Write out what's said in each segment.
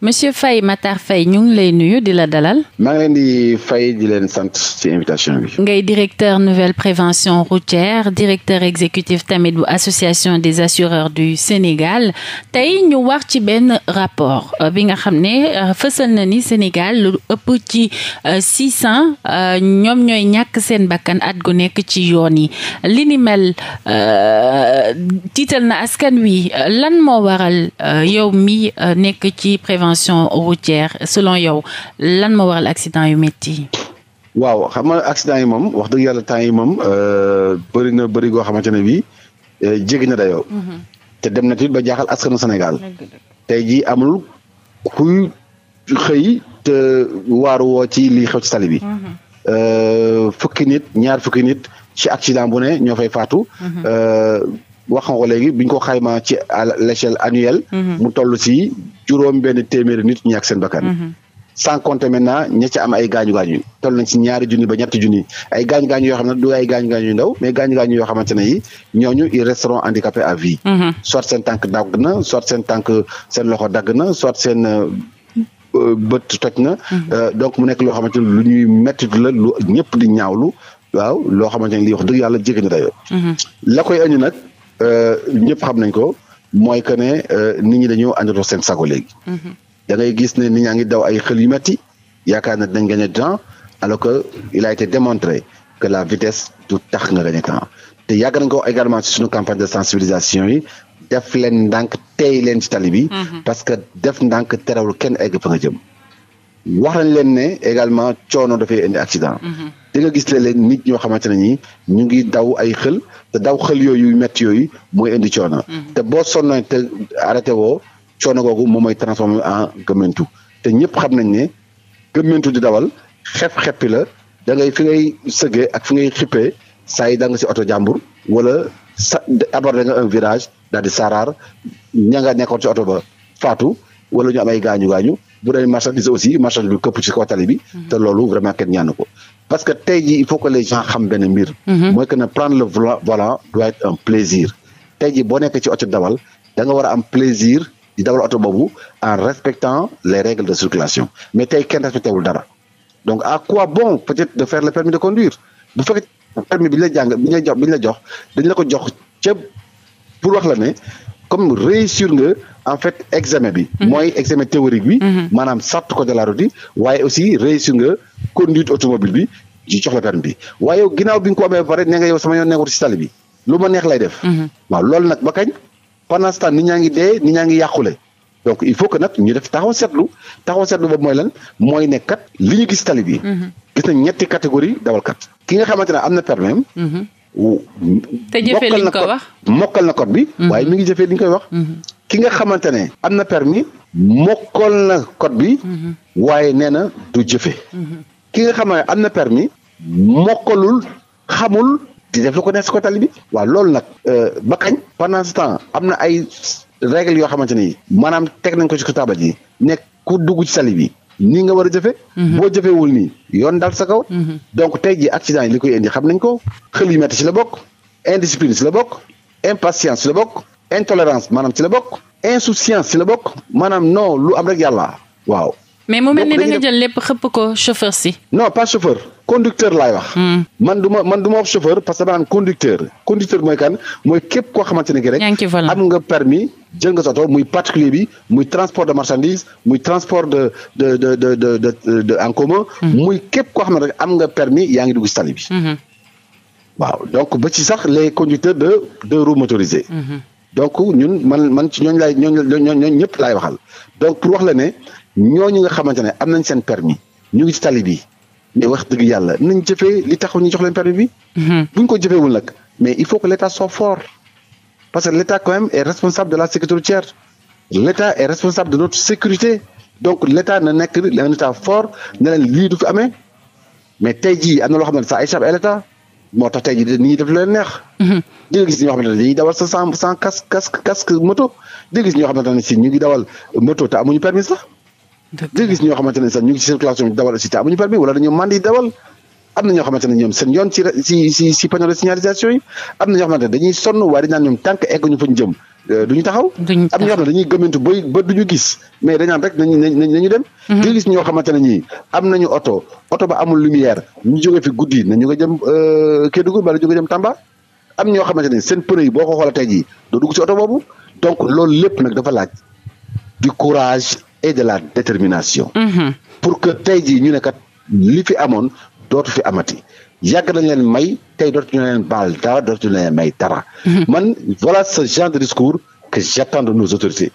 monsieur Faye Matar Faye ñu ngi lay nuyu di la dalal. maa di fay di leen sant ci invitation bi. ngay directeur nouvelle prévention routière directeur exécutif tamit bu association des assureurs du Sénégal tey ñu wax ci benn rapport euh, bi nga xam ne euh, fësal na ni Sénégal ëpp ci euh, six cent ñoom ñooy ñàkk seen bakkan at gu nekk ci yoon yi li ni mel tiital na askan wi lan moo waral yow mi nekk ci prévention. intervention routière selon yow lan moo waral accident yu métti yi. waaw xam accident yi moom wax dëgg yàlla temps yi moom euh, bëri na bëri goo xamante ne euh, na dayoo. Mhm. te dem na tamit ba jaaxal askanu Sénégal. tey jii amul kuy xëy te waaru woo ci lii xew ci tali bi. Mhm. Euh, fukki nit ñaar fukki nit ci accident bu ne ñoo fay faatu. Mhm. wax nga ko léegi bi ñu ko xaymaa ci à l'échelle mhm. mu toll si juróom benn téeméeri nit ñàkk seen bakkan. Mhm. sans compter maintenant ña am ay gaañu gaañu toll na ci ñaari junni ba ñetti junni ay gaañu gaañu yoo xam ne du ay gaañu gaañu yu ndaw mais gaañu gaañu yoo xamante ne yi ñooñu ils resteront handicapés à mhm. soit seen tànk dagg na soit seen tànk seen loxo dagg na soit seen euh, euh, bët toj na. Euh, donc mu nekk loo xamante ne lu ñuy métti la lu ñëpp di ñaawlu waaw loo xamante ne lii wax dëgg yàlla jéggi na dayoo. la koy Euh, ñëpp xam nañ ko mooy que ne euh, nit ñi dañoo àndatoo seen sago léegi. Mhm. da ngay gis ne nit ñaa ngi daw ay xel yu metti yaakaar na dañ gagné alors que il a été démontré que la vitesse du tax nga gagné temps te yàgg nañ ko également ci suñu campagne de sensibilisation yi def leen ndànk tey leen ci tali bi. Mhm. parce que def ndànk terewul kenn egg fa nga jëm. wax nañ leen ne également coono dafay indi accident. Mhm. di nga gis léeg nit ñoo xamante ne nii ñu ngi daw ay xël te daw xël yooyu métti yooyu mooy indi coono. Mhm. te boo sonnee te arrêté woo coono googu moom mooy transformé en gëmmentu te ñëpp xam nañ ne gëmmentu di dawal xep xeppi la dangay fi ngay sëggee ak fi ngay xippee saa yi da nga si oto jàmbur wala sa abordé nga un virage daal di saaraar ña nga nekkoon si oto ba faatu wala ñu am ay gaañu gaañu. bu dee marchandise aussi marchandise bi këpp ci kaw tali bi. Mhm. te loolu vraiment kenn ñaanu ko. parce que tey jii il faut que les gens xam benn mbir. Mhm. mooy que ne prendre le volant doit être un plaisir. tey jii boo ci oto dawal da nga war a am plaisir di dawal oto boobu en respectant les règles de circulation mais tey kenn respecté wul dara donc à quoi bon peut-être de faire le permis de conduire bu fekkee permis bi la jàng bi la dañ la ko jox ca pour wax la ne. comme réussir nga en fait examen bi. Mhm. mooy examen théorique bi. Mhm. maanaam sart code de la route yi waaye aussi réussir nga conduite automobile bi ci jox la permis bi waaye yow ginnaaw bi nga ko amee ba pare nee nga yow sama yoon nekkul si tali bi lu ma neex lay def. Mhm. waaw loolu nag ba kañ pendant ce ñaa ngi dee nit ñaa ngi yàqule. donc il faut que nag ñu def taxaw seetlu taxaw seetlu boobu mooy lan mooy ne kat li ñu gis tali bi. gis nañ ñetti catégorie dawalkat ki nga xamante te jëfee li ñu ko wax mokkal na code bi. Mhm. waaye mi ngi jëfee li koy wax. Mhm. ki nga xamante ne am na permis mokkal na code bi. Mhm. waaye nee na du jëfe ki nga xam ne am na permis mokkalul xamul di def lu ko nekk si ko tali bi. loolu nag euh, ba kañ. pendant ce temps am na ay règles yoo xamante ni maanaam teg nañ ko si ko taabal ji nekk ku dugg ci tali bi. nii nga war a jëfe mhm. boo jëfewul nii yoon daal sa kaw mhm. donc tey jii accident yi li koy indi xam nañ ko xel ci la bokk indiscipline ci la bokk impatience ci la bokk intolérance maanaam ci la bokk insouciance ci la bokk maanaam non lu am rek yàlla waaw mais mu mel ni da nga jël lépp xëpp ko chauffeur si. non pas chauffeur conducteur laay wax. Hmm. man du ma man du ma wax chauffeur parce que dama naan conducteur. conducteur mooy kan mooy képp koo xamante ne gi rek. am nga permis jël nga sa oto muy particulier bi muy transport de marchandise muy transport de de de de de de en commun. Hmm. muy képp koo xam ne rek am nga permis yaa ngi dugg si tali bi. Hmm. waaw donc ba ci sax les conducteurs de deux roues motorisées. donc ñun man man ci ñooñu laay ñooñu ñooñu ñëpp laay waxal donc pour la ñooñu nga xamante ne am nañ seen permis ñu ngi ci tali bi mais wax dëgg yàlla nañ jëfee li taxu ñu jox leen permis bi. Mhm. buñ ko jëfeewul nag mais il faut que l' état soit fort parce que l' état est responsable de la sécurité routière l' état est responsable donc l' na nekk un état fort ne lii du fi amee mais tey jii am na loo xam ne ça échappe à l' état moo tax tey jii nit ñi def leen neex. Mhm. di nga gis ñoo xamante ñu dawal moto te amuñu permis sax. da gis ñoo xamante ne sax ñu ngi ci seen classe bi dawal aussi am ñoo xamante ne ñoom seen yoon ci ci ci ci panneau de signalisation yi am na ñoo xamante ne dañuy sonn waaye dañ naan ñoom tànk egguñu fa ñu jëm euh, duñu taxaw am ñoo xam ne dañuy gëmantu boy ba duñu gis mais dem mhm. di gis ñoo xamante ne ñii am nañu oto oto ba amul lumière ñu jógee fi guddi nañu ko jëm euh, Kédougou wala ñu ko jëm Tamba am ñoo xamante ne seen pneu boo ko xoolee tey jii doo dugg ci oto boobu donc loolu lépp nag dafa laaj du courage et de la détermination. Mm-hmm. pour que tey jii ñu ne kat li fi amoon dootu fi amati. yàgg nañ leen may tey dootuñu leen baal dara dootuñu leen may dara. Mm-hmm. man voilà ce genre de discours que j'attends de nos autorités.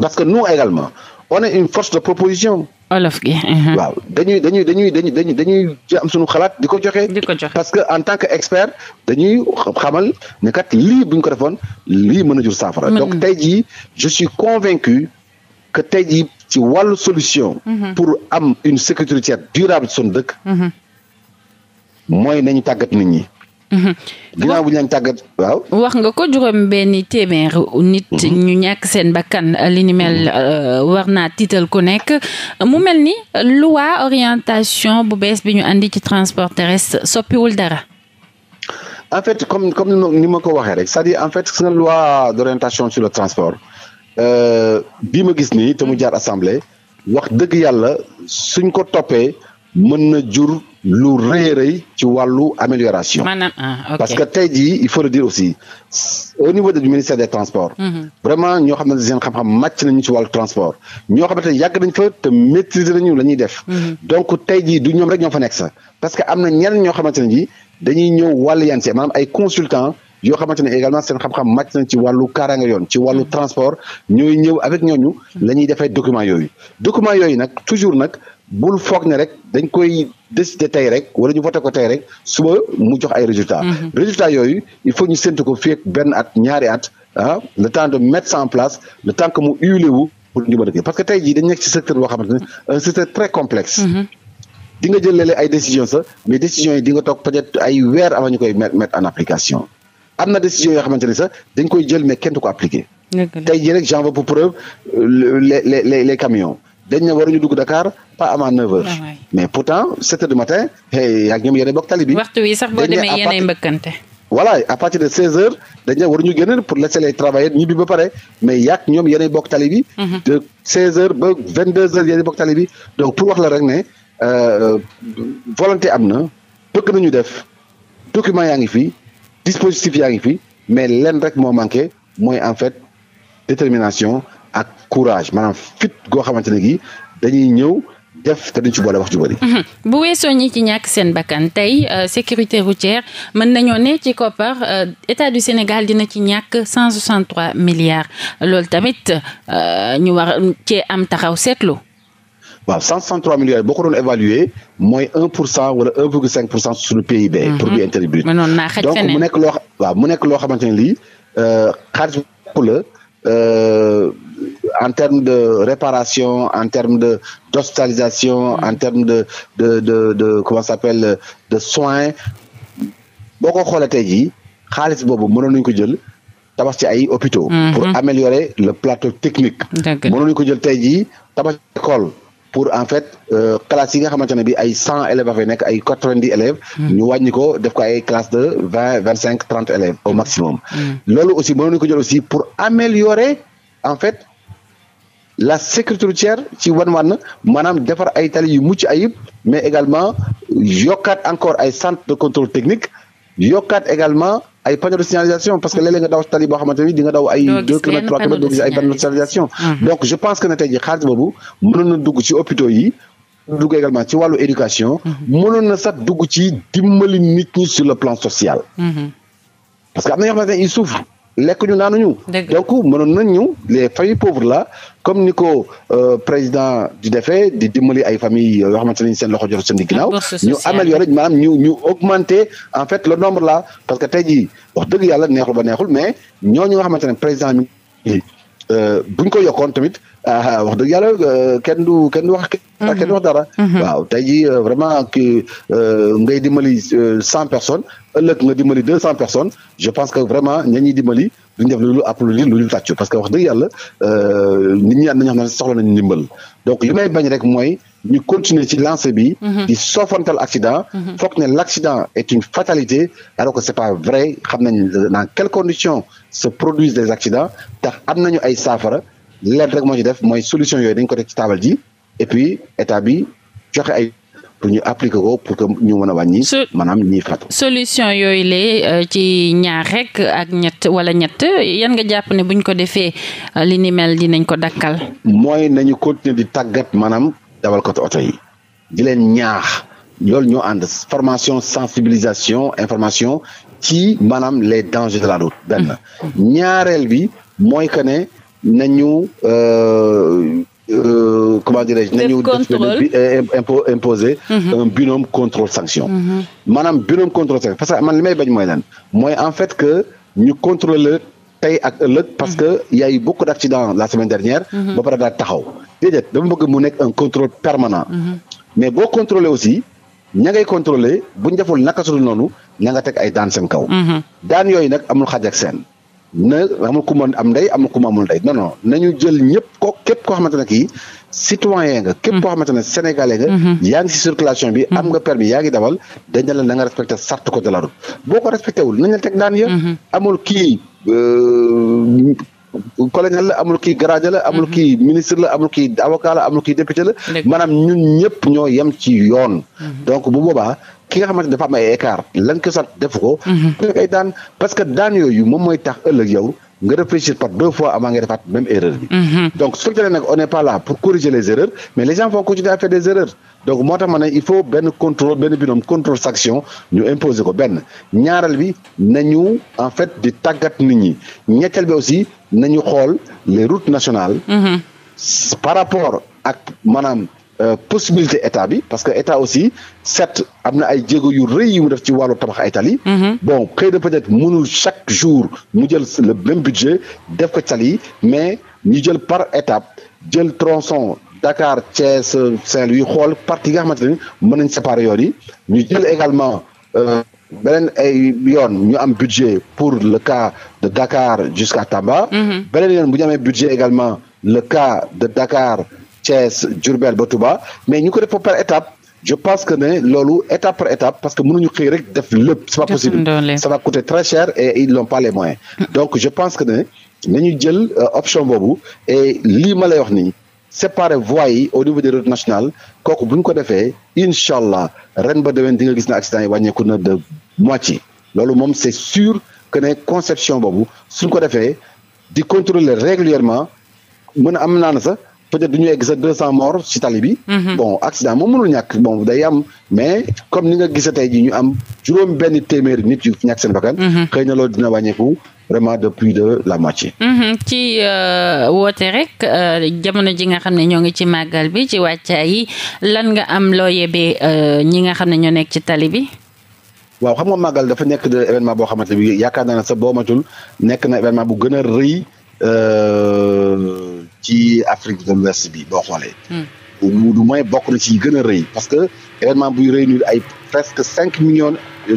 parce que no également on est une force de proposition. olof gi. Mm-hmm. waaw dañuy dañuy dañuy dañuy dañuy am suñu xalaat di ko joxe. di ko parce que en tant que expert dañuy xamal ne kat lii bu ñu ko defoon lii mën a jur saafara. donc tey jii je suis convaincu que tey ci wàllu solution. Mhm. pour am une sécurité routière durable suñu dëkk. Mhm. mooy nañu tàggat nit ñi. Mhm. ginnaaw bu ñu leen waaw. wax nga ko juróom benni téeméer nit ñu ñàkk seen bakkan li ni mel euh, war naa tiital ku nekk mu mel ni loi orientation bu bees bi ñu andi ci transport terrestre soppiwul dara. en fait comme comme ni ma ko waxee rek c'est-à-dire en fait c'est une loi d'orientation sur le transport. Euh, bii ma gis nii te mu jaar assemblée wax dëgg yàlla suñ ko toppee mën na jur lu rëy rëy ci wàllu amélioration. maanaam ah ok parce que tey jii il faut le dire aussi au niveau du ministère des transports. Mhm. vraiment ñoo xam ne seen xam-xam màcc nañu ci wàllu transport ñoo xamante ne yàgg nañ fa te maîtriser nañu la ñuy def. Mhm. donc tey jii du ñoom rek ñoo fa nekk sax parce que am na ñeneen ñoo xamante ne ji dañuy ñëw wàllu yan see maanaam ay consultants. yoo xamante ne également seen xam-xam màcc nañ ci wàllu kaaraange yoon ci wàllu mm-hmm. transport ñooy ñëw avec ñooñu mm-hmm. la ñuy defee document yooyu document yooyu nag toujours nag bul foog ne rek dañ koy décider tey rek wala ñu voté ko tey rek suba mu jox ay résultats mm-hmm. résultats yooyu il faut ñu séntu ko fii ak benn at ñaari at ah, le temps de mettre en place le temps que mu huilé a kii parce que tey jii dañ nekk ci secteur boo xamante ne un secteur très complexe di nga jël décision sax mais décisions yi di nga toog peut-être ay weer avant ñu koy mettre en application am na décision yoo xamante ne sax dañ koy jël mais kenn du ko appliqué. tey jii pour preuve les camions dañ ne waruñu dugg Dakar pas avant 9h. Ah mais pourtant 7h du matin hey ñoom yéen bokk tali bi. waxtu wi sax boo demee yéen ay mbëkkante. voilà à partir de 16h dañ ne waruñu génn pour laisser les ñu ñibbi ba pare mais yàq ñoom yéen bokk tali bi. Mhm. de 16h ba 22h yéen a bokk tali bi donc pour wax la rek ne euh, volonté am na bëgg nañu def document yaa ngi fii. dispositif yaa ngi fi mais lenn rek moo manqué mooy en fait détermination ak courage maanaam fit goo xamante ne gi dañuy ñëw def te duñ ci boole wax ju bëri. Mhm. bu weesoo ñi ci ñàkk seen bakkan tey euh, sécurité routière mën nañoo ne ci koppar euh, état du Sénégal dina ci ñàkk cent soixante-trois milliards loolu tamit euh, ñu war cee am taxaw seetlu. waaw 163 milliards boo ko doon évaluer mooy 1 pour cent wala 1,5 pour cent suñu PIB. Mm-hmm. produit intérieur brut. donc mu nekk loo waaw mu nekk loo xamante ne lii euh, xaalis bu la euh, en de réparation en de d'hospitalisation mm-hmm. en de de de de comment ça de soins boo ko xoolee tey jii xaalis boobu mënoon nañu ko jël tabax ci ay hôpitaux. Mm-hmm. pour améliorer le plateau technique. mënoon nañu ko jël tey jii tabax école. pour en fait euh, classes yi nga xamante ne bi ay cent élèves afay nekk ay quatre vingt dix élèves hmm. ñu wàññi ko def ko ay classes de vingt vingt cinq trente élèves au maximum hmm. loolu aussi mënoon nañu ko jël aussi pour améliorer en fait la sécurité routière ci wan-wan maanaam defar ay tali yu mucc ayib mais également yokkaat encore ay centre de contrôle technique yokkaat également ay panneaux de signalisation parce que léeg-léeg nga daw tali boo xamante daw ay deux kilomètres trois kilomètres doo ay panneaux de signalisation mhm. donc je pense que ne tey ji xaalis boobu mënoon dugg ci hôpitaux yi dugg également ci wàllu éducation mhm. mënoon sax dugg ci dimbali nit ñi sur le plan social mhm. parce que am na ñoo xamante ne ils lekkuñu naanuñu. donc mënoon nañ ñu les familles pauvres la comme ni ko euh, président di defee di dimbali ay famille yoo xamante ne seen loxo jot seen ginnaaw. ñu améliorer maanaam ñu ñu augmenter en fait le nombre la parce que tey jii wax dëgg yàlla neexul ba neexul mais ñooñu nga xamante ne président mi euh, buñ ko yokkoon tamit Ah, wax dëgg yàlla euh, kenn du kenn du wax mhm. kenn du wax dara mhm. waaw tey jii euh, vraiment que euh, ngay dimbali cent personnes ëllëg nga dimbali deux cent personnes je pense que vraiment ña ñuy dimbali duñ def loolu àpp lu li lu tàccu parce que wax dëgg yàlla nit ñi am na ñoo xam ne soxla nañu ndimbal donc li may bañ rek mooy ñu continuer ci lancé bi mhm. di soofantal accident foog ne l' est une fatalité alors que c' pas vrai xam nañ dans quelles conditions se produisent les accidents lenn rek moo ci def mooy solution yooyu dañ ko teg ci taabal ji et état bi joxe ay pour ñu appliquer ko pour que ñu mën a wàññi. maanaam ñiy faatu. solution yooyu le euh, ci ñaar rek ak ñett wala ñett yan nga jàpp ne buñ ko defee euh, li ni mel dinañ ko dakkal. mooy nañu continuer di tàggat maanaam dawalkatu oto yi di leen ñaax loolu ñoo ànd formation sensibilisation information ci maanaam les dangers de la route. Mm-hmm. ñaareel bi mooy que ne. nañu euh, euh, comment dirais-je nañu def benn euh, impo imposer mhm. un binôme contrôle sanction mhm. maanaam binôme contrôle sanction parce que man li may bañ mooy lan mooy en fait que ñu contrôler tey ak ëllëg parce mhm. que y a eu beaucoup la semaine dernière ba pare daal taxaw déedéet dama bëgg mu nekk un contrôle permanent mais boo contrôler aussi ña ngay bu buñ deful naka sudul noonu ña teg ay daan seen kaw daan yooyu nag amul xaaj seen na amul ku mën am ndey amul ku mu amul ndey non non nañu jël ñëpp ko képp koo xamante ne kii citoyen képp koo xamante ne nga mhm. yaa ngi ci circulation bi am mhm. nga permis yaa ngi dawal dañ ne la na nga respecté charte code de la route boo ko respecté wul nañ la teg daan ya mhm. amul kii euh, colonel la amul ki gradé la amul kii ministre la amul kii avocat la amul kii député la maanaam ñun ñëpp ñoo yem ci yoon donc bu boobaa ki nga xamante dafa am ay écart lan ko sant def ko. Mhm. parce que daan yooyu moom mooy tax ëllëg yow. nga réfléchir par deux fois avant nga defaat même erreur bi. Mhm. donc su fekkee nag on n'est pas là pour corriger les erreurs mais les gens vont continuer à faire des erreurs donc moo tax ma ne il faut benn contrôle benn binôme contrôle sanction ñu imposer ko benn ñaareel bi nañu en fait di tàggat nit ñi ñetteel bi aussi nañu xool les routes nationales. Mhm. par Euh, possibilité état bi parce que état aussi certes am na ay jéego yu rëy yu mu def ci wàllu tabax ay tali. Mhm. bon xëy na peut-être mënul chaque jour mu jël le même budget def ko tali mais ñu jël par étape jël tronçon Dakar Thiès Saint-Louis xool partie yi nga xamante ne mën nañ séparer yoon yi ñu jël également. Euh, beneen ay yoon ñu am budget pour le cas de Dakar jusqu'à Tamba. Mhm. beneen yoon bu ñu amee budget également le cas de Dakar Thiès Diourbel ba Touba mais ñu ko def par étape je pense que ne loolu étape par étape parce que mënuñu xëy rek def lépp c'est pas possible ça va coûter très cher et ils n'ont pas les moyens mm. donc je pense que ne nañu jël euh, option boobu et lii ma lay wax nii séparer voies yi au niveau de routes nationales kooku bu ñu ko defee incha allah ren ba déwén di nga gis na accident yi wàññeeku na de moitié loolu moom c'est sûr que ne conception boobu suñ ko defee di contrôler régulièrement mën a am naa na sax peut du ñu egg sa deux cent morts ci tali bi. Mhm. bon accident moom mënul ñàkk bon day am mais comme ni nga gisee tey jii ñu am juróom benn téeméeri nit yu ñàkk seen bakkan. Mhm. xëy na loolu dina wàññeeku. vraiment de plus de la moitié. Mhm. ci euh, woote rek euh, jamono ji nga xam ne ñoo ngi ci màggal bi ci wàccaay yi lan nga am loo yebee euh, ñi nga xam ne ñoo nekk ci tali bi. waaw xam nga màggal dafa nekk de événement boo xamante bi yaakaar naa ne sa boo matul nekk na événement bu gën ci Afrique de l'Ouest bi boo xoolee. mu hmm. du moins bokk na ci yi a rëy parce que événement buy réunir ay presque cinq millions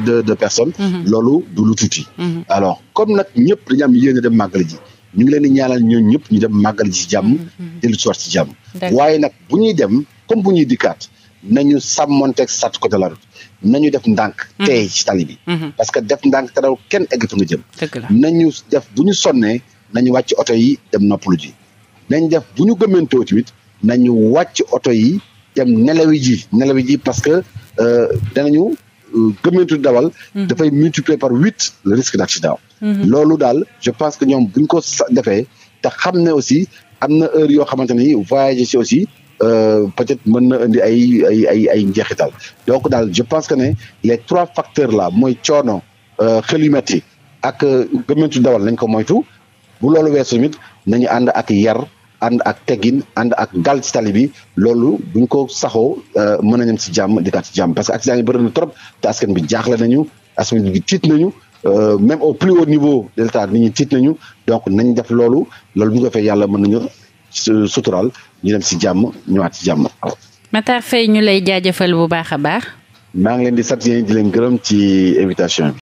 de de personnes. Hmm. loolu du lu tuuti. Hmm. alors comme nag ñëpp dañu am yéene dem màggal ji ñu ngi leen di ñaanal ñoom ñëpp ñu dem màggal ji ci jàmm. dellu si waat ci jàmm. waaye nag bu ñuy dem comme bu ñuy dikkaat nañu sàmmonteeg sàtt côté la route nañu def ndànk. tey ci tali bi. parce que def ndànk te daw kenn egg fa nga jëm. nañu def bu ñu sonnee nañu wàcc oto nañ def bu ñu gëmmentoo tamit nañu wàcc oto yi dem nelawi ji nelawi ji parce que euh, danañu euh, gëmmentu dawal mm-hmm. dafay multiplier par huit le risque d'accident mm-hmm. loolu daal je pense que ñoom bu ñu ko defee te xam ne aussi am na heure yoo xamante ni voyager si aussi Euh, peut-être mën na indi ay ay ay ay njeexital donc daal je pense que ne les trois facteurs la mooy coono euh, xel yu metti ak gëmmentu dawal nañ ko moytu bu loolu weesu tamit nañu ànd ak yar ànd ak teggin ànd ak dal ci tali bi loolu buñ ko saxoo euh, mën nañu ci jàmm dikkaat ci jàmm parce que accident yi bëri na trop te askan bi jaaxle nañu askan bi tiit nañu euh, même au niveau de l'état nit ñi tiit nañu donc nañ def loolu loolu bu ñu ko fee yàlla mën nañu suturaal ñu dem ci jàmm ñëwaat ci jàmm. Matar Faye ñu lay jaajëfal bu baax a baax. maa ngi leen di sant yéen di leen gërëm ci invitation bi.